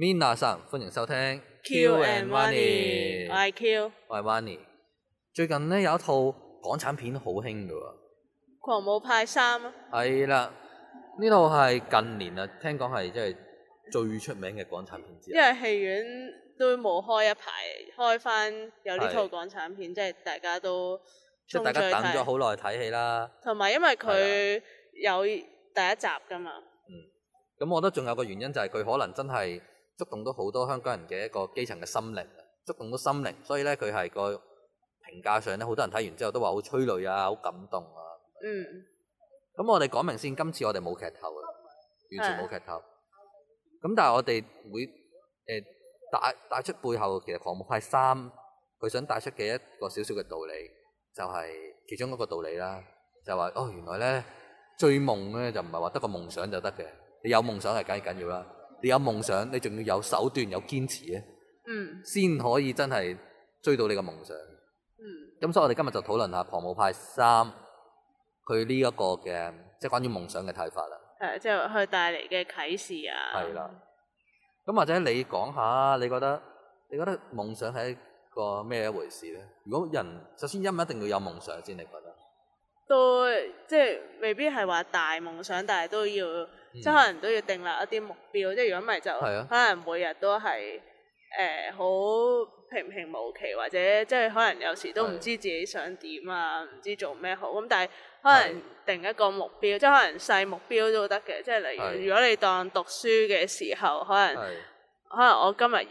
Minna san，歡迎收聽。Q and Wani。我係 Q，我係 Wani。最近咧有一套港產片好興嘅喎，《狂舞派三》啊。係啦，呢套係近年啊，聽講係即係最出名嘅港產片之一。因為戲院都冇開一排，開返有呢套港產片，即係大家都。即係大家等咗好耐睇戲啦。同埋因為佢有第一集㗎嘛。嗯，咁我覺得仲有個原因就係佢可能真係。觸動到好多香港人嘅一個基層嘅心靈，觸動到心靈，所以咧佢係個評價上咧，好多人睇完之後都話好催淚啊，好感動啊。嗯。咁我哋講明先，今次我哋冇劇透嘅，完全冇劇透。咁、嗯、但係我哋會誒帶帶出背後其實《狂舞派三》佢想帶出嘅一個小小嘅道理，就係、是、其中一個道理啦。就話、是、哦，原來咧追夢咧就唔係話得個夢想就得嘅，你有夢想係梗係緊要啦。你有夢想，你仲要有手段、有堅持咧，嗯，先可以真係追到你嘅夢想。嗯，咁所以我哋今日就討論下3，《狂舞派三》佢呢一個嘅，即係關於夢想嘅睇法啦。誒，即係佢帶嚟嘅啟示啊。係啦。咁或者你講下，你覺得你覺得夢想係一個咩一回事咧？如果人首先一唔一定要有夢想先，你覺得？都即係未必係話大夢想，但係都要，嗯、即係可能都要定立一啲目標，即係如果唔係就，係啊，可能每日都係誒好平平無奇，或者即係可能有時都唔知自己想點啊，唔知做咩好。咁但係可能定一個目標，啊、即係可能細目標都得嘅。即係例如，如果你當讀書嘅時候，可能、啊、可能我今日。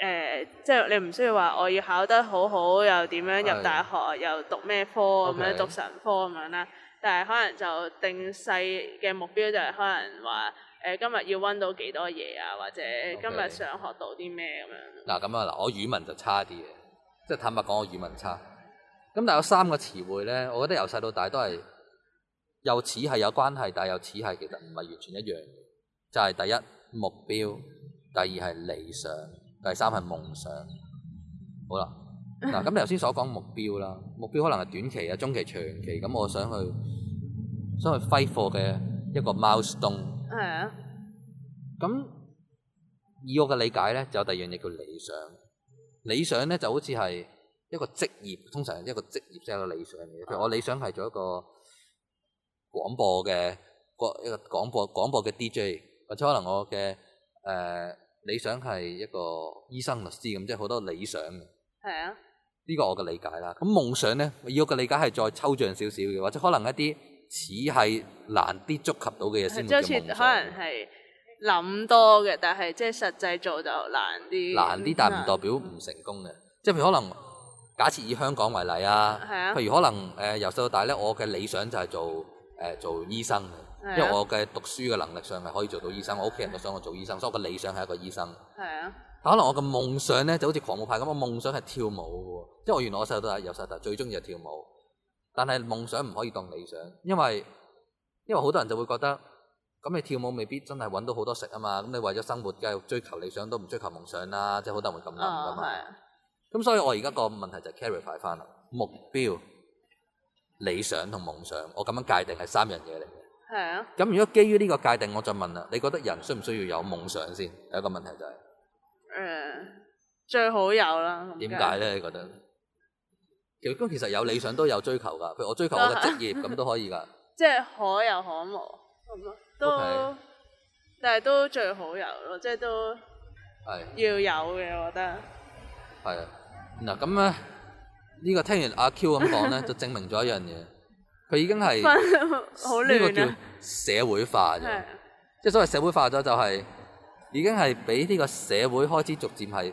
誒、呃，即係你唔需要話我要考得好好，又點樣入大學，又讀咩科咁，okay。樣讀神科咁樣啦。但係可能就定細嘅目標就係可能話誒、呃，今日要温到幾多嘢啊，或者今日想學到啲咩咁樣。嗱咁啊，嗱我語文就差啲嘅，即係坦白講，我語文差。咁但係有三個詞彙咧，我覺得由細到大都係又似係有關係，但係又似係其實唔係完全一樣嘅。就係、是、第一目標，第二係理想。第三係夢想，好啦，嗱咁你頭先所講目標啦， 目標可能係短期啊、中期、長期，咁我想去，想去揮霍嘅一個 milestone 係啊，咁 以我嘅理解咧，就有第二樣嘢叫理想。理想咧就好似係一個職業，通常一個職業即係一個理想嚟嘅。譬如我理想係做一個廣播嘅，一個廣播廣播嘅 DJ，或者可能我嘅誒。呃理想係一個醫生、律師咁，即係好多理想嘅。係啊，呢、這個是我嘅理解啦。咁夢想咧，我嘅理解係再抽象少少嘅，或者可能一啲似係難啲觸及到嘅嘢先會叫夢想。可能係諗多嘅，但係即係實際做就難啲。難啲，但係唔代表唔成功嘅。即係譬如可能，假設以香港為例啊，譬如可能誒、呃、由細到大咧，我嘅理想就係做誒、呃、做醫生嘅。因為我嘅讀書嘅能力上係可以做到醫生，我屋企人都想我做醫生，的所以我嘅理想係一個醫生。係啊，可能我嘅夢想咧就好似狂舞派咁，我夢想係跳舞嘅喎。即係我原來我細到大、由細到最中意係跳舞，但係夢想唔可以當理想，因為因為好多人就會覺得咁你跳舞未必真係揾到好多食啊嘛。咁你為咗生活梗係追求理想都唔追求夢想啦，即係好多人咁諗㗎嘛。咁、哦、所以我而家個問題就 clarify 翻翻啦，目標、理想同夢想，我咁樣界定係三樣嘢嚟。係啊，咁如果基於呢個界定，我再問啦，你覺得人需唔需要有夢想先？有一個問題就係、是，誒、嗯，最好有啦。點解咧？你覺得？其實其實有理想都有追求噶，譬如我追求我嘅職業，咁、啊、都可以噶。即、就、係、是、可有可無咁咯，都，okay, 但係都最好有咯，即、就、係、是、都要有嘅、啊，我覺得。係嗱、啊，咁咧呢個聽完阿 Q 咁講咧，就證明咗一樣嘢。 佢已經係呢、 啊呢個叫社會化嘅、啊，即係所謂社會化咗就係已經係俾呢個社會開始逐漸係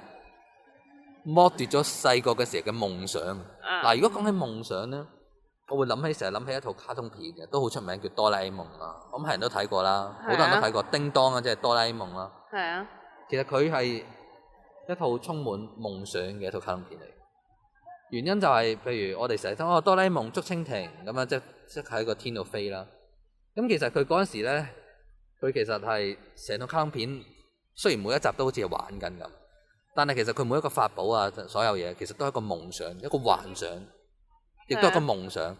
剝奪咗細個嘅時候嘅夢想。嗱、啊，如果講起夢想咧，我會諗起成日諗起一套卡通片嘅，都好出名叫哆啦 A 夢啦，咁係人都睇過啦，好多人都睇過叮當啊，即係哆啦 A 夢啦。係、就是、啊，其實佢係一套充滿夢想嘅一套卡通片嚟。原因就係、是，譬如我哋成日都哦，哆啦 A 夢捉蜻蜓咁啊，即即喺個天度飛啦。咁其實佢嗰陣時咧，佢其實係成套卡通片，雖然每一集都好似係玩緊咁，但係其實佢每一個法寶啊，所有嘢其實都係一個夢想，一個幻想，亦都係一個夢想。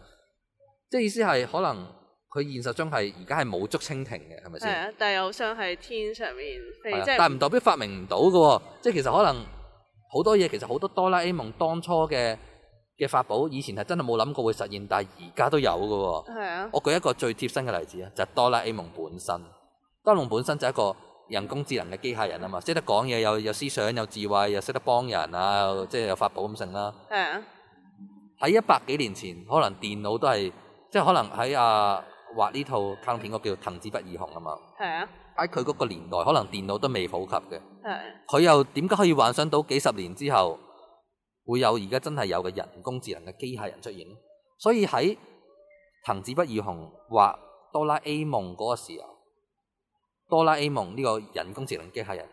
即係意思係，可能佢現實中係而家係冇捉蜻蜓嘅，係咪先？係啊，但係我想喺天上面飛，即係但係唔代表發明唔到㗎喎，即係其實可能。好多嘢其實好多哆啦 A 夢當初嘅嘅法寶，以前係真係冇諗過會實現，但係而家都有㗎喎。係啊！我舉一個最貼身嘅例子啊，就係哆啦 A 夢本身。哆啦 A 夢本身就係一個人工智能嘅機械人啊嘛，識得講嘢，有有思想，有智慧，又識得幫人啊，即係有法寶咁成啦。係啊！喺一百幾年前，可能電腦都係即係可能喺啊畫呢套卡通片嗰，叫藤子不二雄啊嘛。係啊！喺佢嗰個年代，可能電腦都未普及嘅，佢又點解可以幻想到幾十年之後會有而家真係有個人工智能嘅機械人出現咧？所以喺藤子不二雄畫哆啦 A 夢嗰個時候，哆啦 A 夢呢個人工智能機械人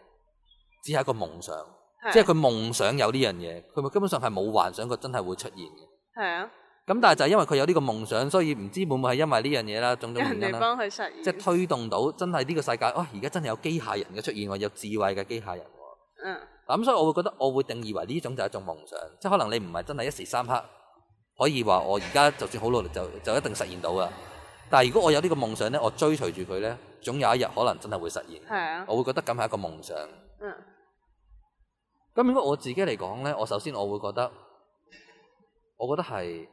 只係一個夢想，是即係佢夢想有呢樣嘢，佢咪根本上係冇幻想過真係會出現嘅。係啊。咁但係就係因為佢有呢個夢想，所以唔知會唔會係因為呢樣嘢啦，種種原因啦，幫佢實現，即係推動到真係呢個世界，哇、哦！而家真係有機械人嘅出現，有智慧嘅機械人喎。嗯。咁所以我會覺得，我會定義為呢種就係一種夢想，即係可能你唔係真係一時三刻可以話我而家就算好努力就就一定實現到啊。但係如果我有呢個夢想呢，我追隨住佢呢，總有一日可能真係會實現。係、嗯、啊。我會覺得咁係一個夢想。嗯。咁如果我自己嚟講呢，我首先我會覺得，我覺得係。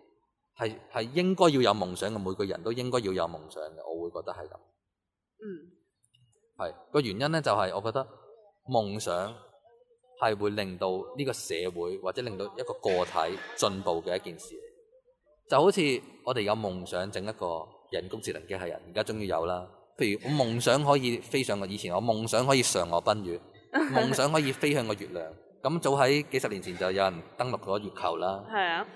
係係應該要有夢想嘅，每個人都應該要有夢想嘅，我會覺得係咁。嗯，係個原因咧，就係、是、我覺得夢想係會令到呢個社會或者令到一個個體進步嘅一件事。就好似我哋有夢想整一個人工智能機械人，而家終於有啦。譬如夢想可以飛上我，以前我夢想可以嫦娥奔月，夢想可以飛向個月亮。咁 早喺幾十年前就有人登陸咗月球啦。係啊。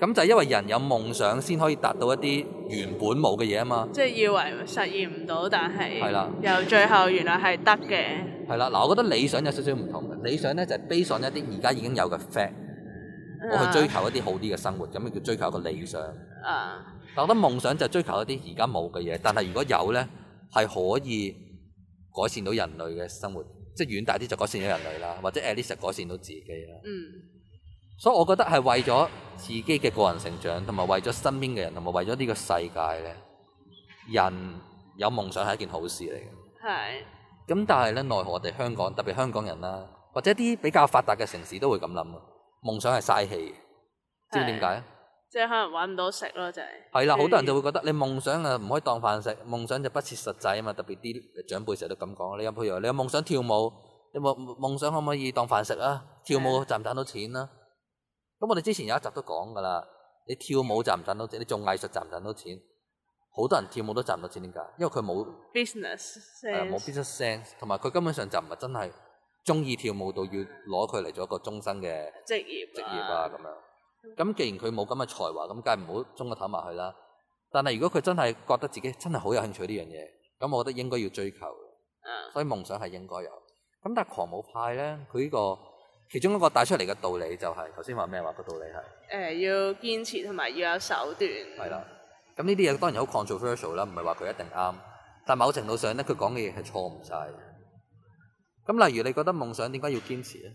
咁就係因為人有夢想，先可以達到一啲原本冇嘅嘢啊嘛！即係以為實現唔到，但係由最後原來係得嘅。係啦，嗱，我覺得理想有少少唔同。理想咧就係 based on 一啲而家已經有嘅 fact，我去追求一啲好啲嘅生活。咁、uh, 咩叫追求個理想？啊、uh，我覺得夢想就追求一啲而家冇嘅嘢。但係如果有咧，係可以改善到人類嘅生活，即係遠大啲就改善咗人類啦，或者 at least 改善到自己啦。嗯。所以，我覺得係為咗自己嘅個人成長，同埋為咗身邊嘅人，同埋為咗呢個世界咧，人有夢想係一件好事嚟嘅。係。咁但係咧，奈何我哋香港特別香港人啦，或者啲比較發達嘅城市都會咁諗咯。夢想係嘥氣，知唔知點解啊？即係可能揾唔到食咯，就係。係啦，好多人就會覺得你夢想啊，唔可以當飯食，夢想就不切實際啊嘛。特別啲長輩成日都咁講。你有譬如話，你有夢想跳舞，你夢夢想可唔可以當飯食啊？跳舞賺唔賺到錢啊？咁我哋之前有一集都講㗎啦，你跳舞賺唔賺到錢？你做藝術賺唔賺到錢？好多人跳舞都賺唔到錢，點解？因為佢冇 business sense，冇 business sense，同埋佢根本上就唔係真係中意跳舞到要攞佢嚟做一個終身嘅職業職業啊咁、啊、樣。咁既然佢冇咁嘅才華，咁梗係唔好中個頭埋去啦。但係如果佢真係覺得自己真係好有興趣呢樣嘢，咁我覺得應該要追求嘅。所以夢想係應該有。咁、嗯、但係狂舞派咧，佢呢、這個。其中一個帶出嚟嘅道理就係頭先話咩話，個道理係誒、呃、要堅持同埋要有手段係啦，咁呢啲嘢當然好 controversial 啦，唔係話佢一定啱，但某程度上咧佢講嘅嘢係錯唔晒嘅。咁例如你覺得夢想點解要堅持咧？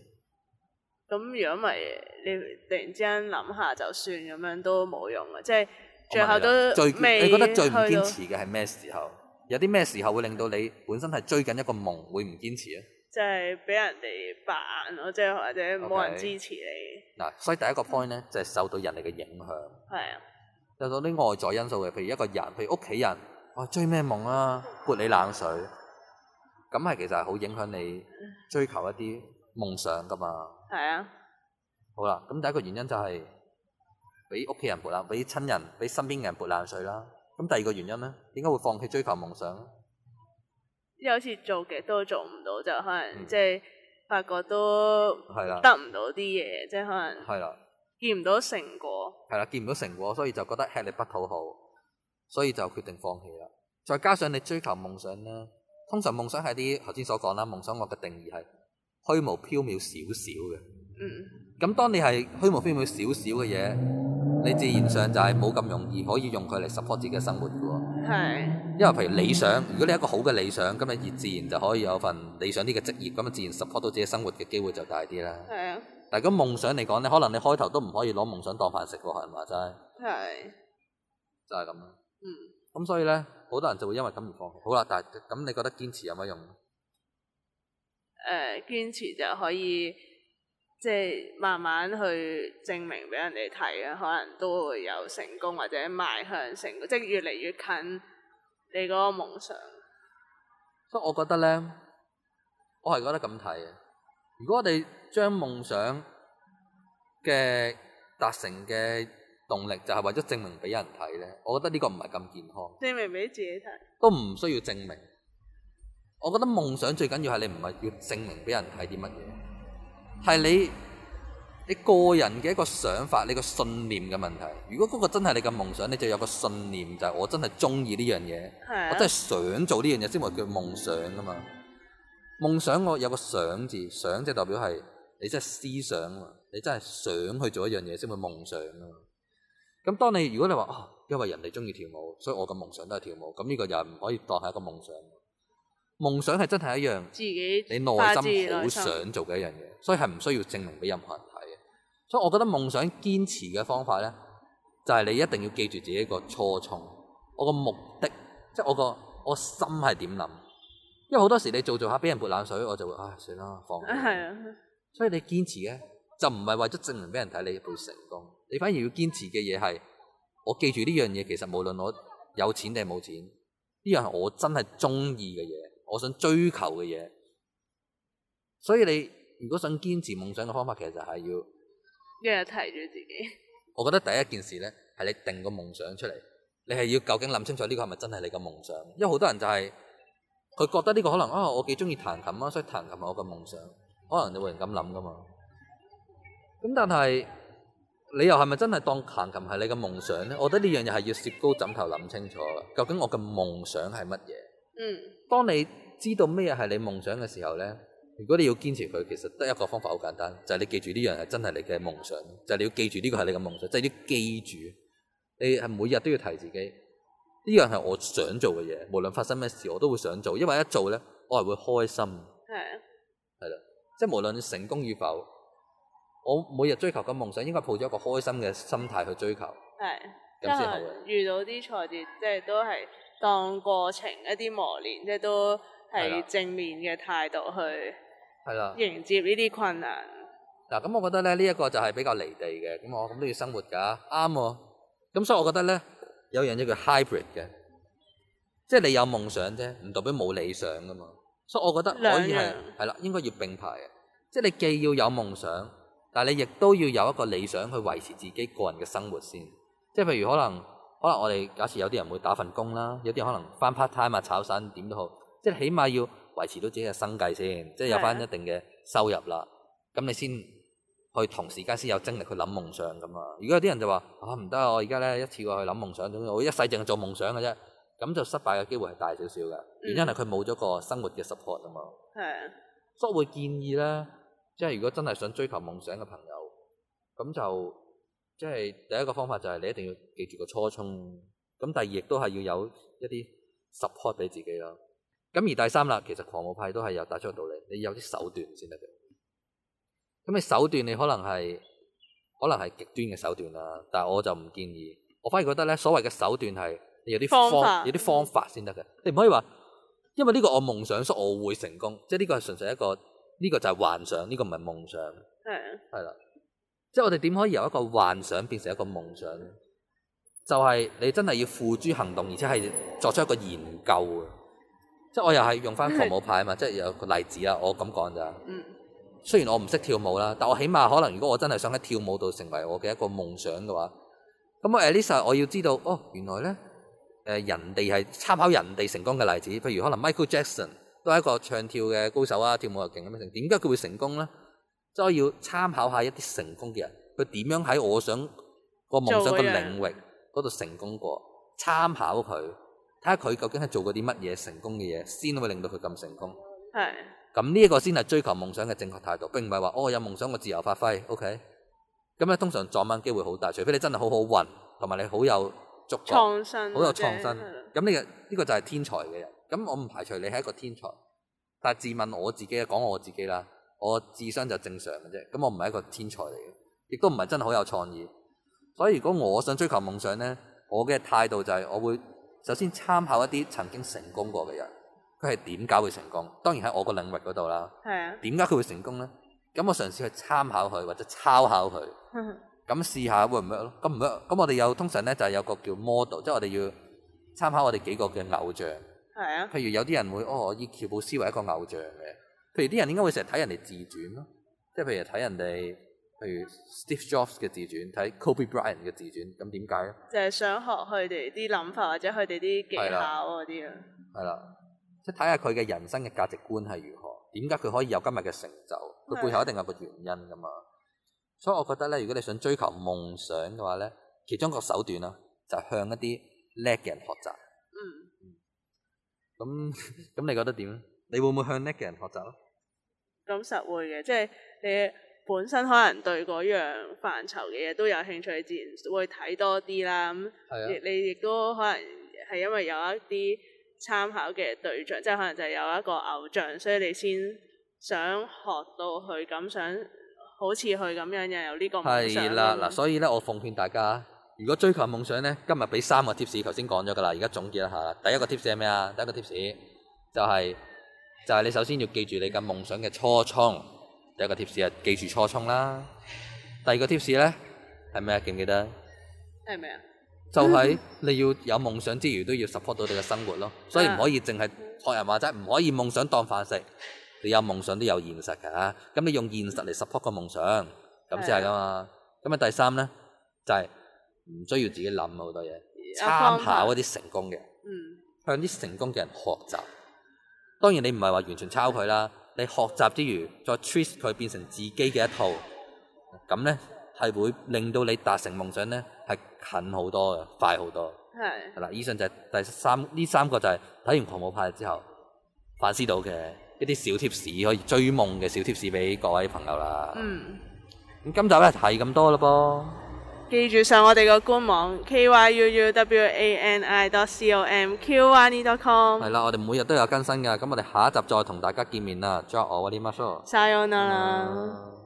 咁如果唔係你突然之間諗下就算咁樣都冇用嘅，即係最後都未。最你覺得最唔堅持嘅係咩時候？有啲咩時候會令到你本身係追緊一個夢會唔堅持咧？即係俾人哋白眼咯，即係或者冇人支持你。嗱，所以第一個 point 咧就係受到人哋嘅影響。係啊，受到啲外在因素嘅，譬如一個人，譬如屋企人，我、哦、追咩夢啊，潑你冷水，咁係其實係好影響你追求一啲夢想㗎嘛。係 啊。好啦，咁第一個原因就係俾屋企人潑冷水，俾親人、俾身邊嘅人潑冷水啦。咁第二個原因咧，點解會放棄追求夢想？有次做嘅都做唔到，就可能即係發覺都得唔到啲嘢，即、嗯、係可能見唔到成果。係啦，見唔到成果，所以就覺得吃力不討好，所以就決定放棄啦。再加上你追求夢想呢，通常夢想係啲頭先所講啦。夢想我嘅定義係虛無縹緲少少嘅。嗯。咁當你係虛無縹緲少少嘅嘢，你自然上就係冇咁容易可以用佢嚟 support 自己嘅生活嘅喎，係，因為譬如理想，如果你一個好嘅理想，咁啊，而自然就可以有份理想啲嘅職業，咁啊，自然 support 到自己生活嘅機會就大啲啦。係啊，但係如果夢想嚟講咧，可能你開頭都唔可以攞夢想當飯食喎。係話齋，係，就係咁啦。嗯。咁所以咧，好多人就會因為咁而放棄。好啦，但係咁，你覺得堅持有乜用咧？呃，堅持就可以。即係慢慢去證明俾人哋睇啊，可能都會有成功或者邁向成功，即係越嚟越近你嗰個夢想。所以，我覺得咧，我係覺得咁睇嘅。如果我哋將夢想嘅達成嘅動力就係為咗證明俾人睇咧，我覺得呢個唔係咁健康。證明俾自己睇都唔需要證明。我覺得夢想最緊要係你唔係要證明俾人睇啲乜嘢。係你你個人嘅一個想法，你個信念嘅問題。如果嗰個真係你嘅夢想，你就有個信念，就係、是、我真係中意呢樣嘢，我真係想做呢樣嘢，先會叫夢想噶嘛。夢想我有個想字，想即代表係你真係思想啊，你真係想去做一樣嘢先會夢想啊。咁當你如果你話啊，因為人哋中意跳舞，所以我嘅夢想都係跳舞，咁呢個又唔可以當係一個夢想。夢想係真係一樣，你內心好想做嘅一樣嘢，所以係唔需要證明俾任何人睇嘅。所以我覺得夢想堅持嘅方法咧，就係你一定要記住自己個初衷，我個目的，即係我個我心係點諗。因為好多時你做做下俾人潑冷水，我就會啊，算啦，放。係啊。所以你堅持咧，就唔係為咗證明俾人睇你會成功，你反而要堅持嘅嘢係，我記住呢樣嘢，其實無論我有錢定係冇錢，呢樣係我真係中意嘅嘢。我想追求嘅嘢，所以你如果想堅持夢想嘅方法，其實就係要一日提住自己。我覺得第一件事咧，係你定個夢想出嚟。你係要究竟諗清楚呢個係咪真係你嘅夢想？因為好多人就係、是、佢覺得呢個可能啊，我幾中意彈琴啊，所以彈琴係我嘅夢想。可能你會咁諗㗎嘛。咁但係你又係咪真係當彈琴係你嘅夢想咧？我覺得呢樣嘢係要攝高枕頭諗清楚，究竟我嘅夢想係乜嘢？嗯，當你知道咩嘢係你夢想嘅時候咧，如果你要堅持佢，其實得一個方法好簡單，就係你記住呢樣係真係你嘅夢想，就係你要記住呢個係你嘅夢想，就係要記住，你係每日都要提自己，呢樣係我想做嘅嘢，無論發生咩事我都會想做，因為一做咧，我係會開心。係，係啦，即係無論你成功與否，我每日追求嘅夢想應該抱咗一個開心嘅心態去追求。係，咁先好。遇到啲挫折，即係都係。當過程一啲磨練，即係都係正面嘅態度去迎接呢啲困難。嗱，咁我覺得咧呢一個就係比較離地嘅，咁我咁都要生活噶，啱喎。咁所以我覺得咧有樣嘢叫 hybrid 嘅，即係你有夢想啫，唔代表冇理想噶嘛。所以我覺得可以係係啦，應該要並排嘅，即係你既要有夢想，但係你亦都要有一個理想去維持自己個人嘅生活先。即係譬如可能。嗱，我哋假設有啲人會打份工啦，有啲人可能返 part time 啊、炒散點都好，即係起碼要維持到自己嘅生計先，即係有返一定嘅收入啦，咁你先去同時間先有精力去諗夢想咁啊。如果有啲人就話啊，唔得啊，不我而家咧一次過去諗夢想，我一世淨係做夢想嘅啫，咁就失敗嘅機會係大少少嘅，原因係佢冇咗個生活嘅 support 啊嘛。係，所以我會建議咧，即係如果真係想追求夢想嘅朋友，咁就。即係第一個方法就係你一定要記住個初衷，咁第二亦都係要有一啲 support 俾自己咯。咁而第三啦，其實狂舞派都係有帶出個道理，你有啲手段先得嘅。咁你手段你可能係可能係極端嘅手段啦，但係我就唔建議。我反而覺得咧，所謂嘅手段係有啲方有啲方法先得嘅，你唔可以話，因為呢個我夢想所以我會成功，即係呢個純粹一個呢個就係幻想，呢個唔係夢想。係係啦。即係我哋點可以由一個幻想變成一個夢想咧？就係、是、你真係要付諸行動，而且係作出一個研究。即係我又係用翻狂舞派啊嘛， 即係有個例子啊。我咁講咋？嗯。雖然我唔識跳舞啦，但我起碼可能如果我真係想喺跳舞度成為我嘅一個夢想嘅話，咁啊，Elisa，我要知道哦，原來咧誒人哋係參考人哋成功嘅例子，譬如可能 Michael Jackson 都係一個唱跳嘅高手啊，跳舞又勁咁樣，點解佢會成功咧？即係要參考下一啲成功嘅人，佢點樣喺我想個夢想嘅領域嗰度成功過？參考佢，睇下佢究竟係做過啲乜嘢成功嘅嘢，先會令到佢咁成功。係。咁呢一個先係追求夢想嘅正確態度，並唔係話哦我有夢想我自由發揮，OK？咁咧通常撞板機會好大，除非你真係好好運，同埋你好有足夠創新，好有創新。咁呢個呢個就係天才嘅人。咁我唔排除你係一個天才，但係自問我自己啊，講我自己啦。我智商就正常嘅啫，咁我唔係一個天才嚟嘅，亦都唔係真係好有創意。所以如果我想追求夢想咧，我嘅態度就係我會首先參考一啲曾經成功過嘅人，佢係點解會成功？當然喺我個領域嗰度啦。係啊。點解佢會成功咧？咁我嘗試去參考佢或者抄考佢。咁 試下會唔會咯？咁唔咁我哋有通常咧就係有個叫 model，即係我哋要參考我哋幾個嘅偶像。係啊。譬如有啲人會哦我以喬布斯為一個偶像嘅。譬如啲人點解會成日睇人哋自傳咯？即係譬如睇人哋，譬如 Steve Jobs 嘅自傳，睇 Kobe Bryant 嘅自傳，咁點解咧？就係、是、想學佢哋啲諗法或者佢哋啲技巧嗰啲啊。係啦，即係睇下佢嘅人生嘅價值觀係如何，點解佢可以有今日嘅成就？佢背後一定有個原因㗎嘛。所以我覺得咧，如果你想追求夢想嘅話咧，其中個手段啊，就係向一啲叻嘅人學習。嗯。咁、嗯、咁，你覺得點？你會唔會向叻嘅人學習咯？咁實會嘅，即係你本身可能對嗰樣範疇嘅嘢都有興趣，自然會睇多啲啦。咁你亦都可能係因為有一啲參考嘅對象，即係可能就係有一個偶像，所以你先想學到佢咁，想好似佢咁樣嘅。又有呢個夢想。係啦，嗱，所以咧，我奉勸大家，如果追求夢想咧，今日俾三個 tips，頭先講咗噶啦，而家總結一下啦。第一個 tips 係咩啊？第一個 tips 就係、是。就係、是、你首先要記住你嘅夢想嘅初衷，第一個 tips 係記住初衷啦。第二個 tips 咧係咩啊？記唔記得？係咩啊？就係、是、你要有夢想之餘 都要 support 到你嘅生活咯。所以唔可以淨係學人話齋，唔可以夢想當飯食。你有夢想都有現實㗎。咁你用現實嚟 support 個夢想，咁先係噶嘛。咁啊第三咧就係、是、唔需要自己諗好多嘢，參考一啲成功嘅、啊嗯，向啲成功嘅人學習。當然你唔係話完全抄佢啦，你學習之餘再 trace 佢變成自己嘅一套，咁呢係會令到你達成夢想呢係近好多嘅，快好多。係。係啦，以上就係第三呢三個就係睇完狂舞派之後反思到嘅一啲小貼士，可以追夢嘅小貼士俾各位朋友啦。嗯。咁今集咧係咁多啦噃。記住上我哋個官網 k y u u w a n i c o m q y n i com 係啦，我哋每日都有更新㗎，咁我哋下一集再同大家見面啦。j 我阿尼馬蘇。Sayonara。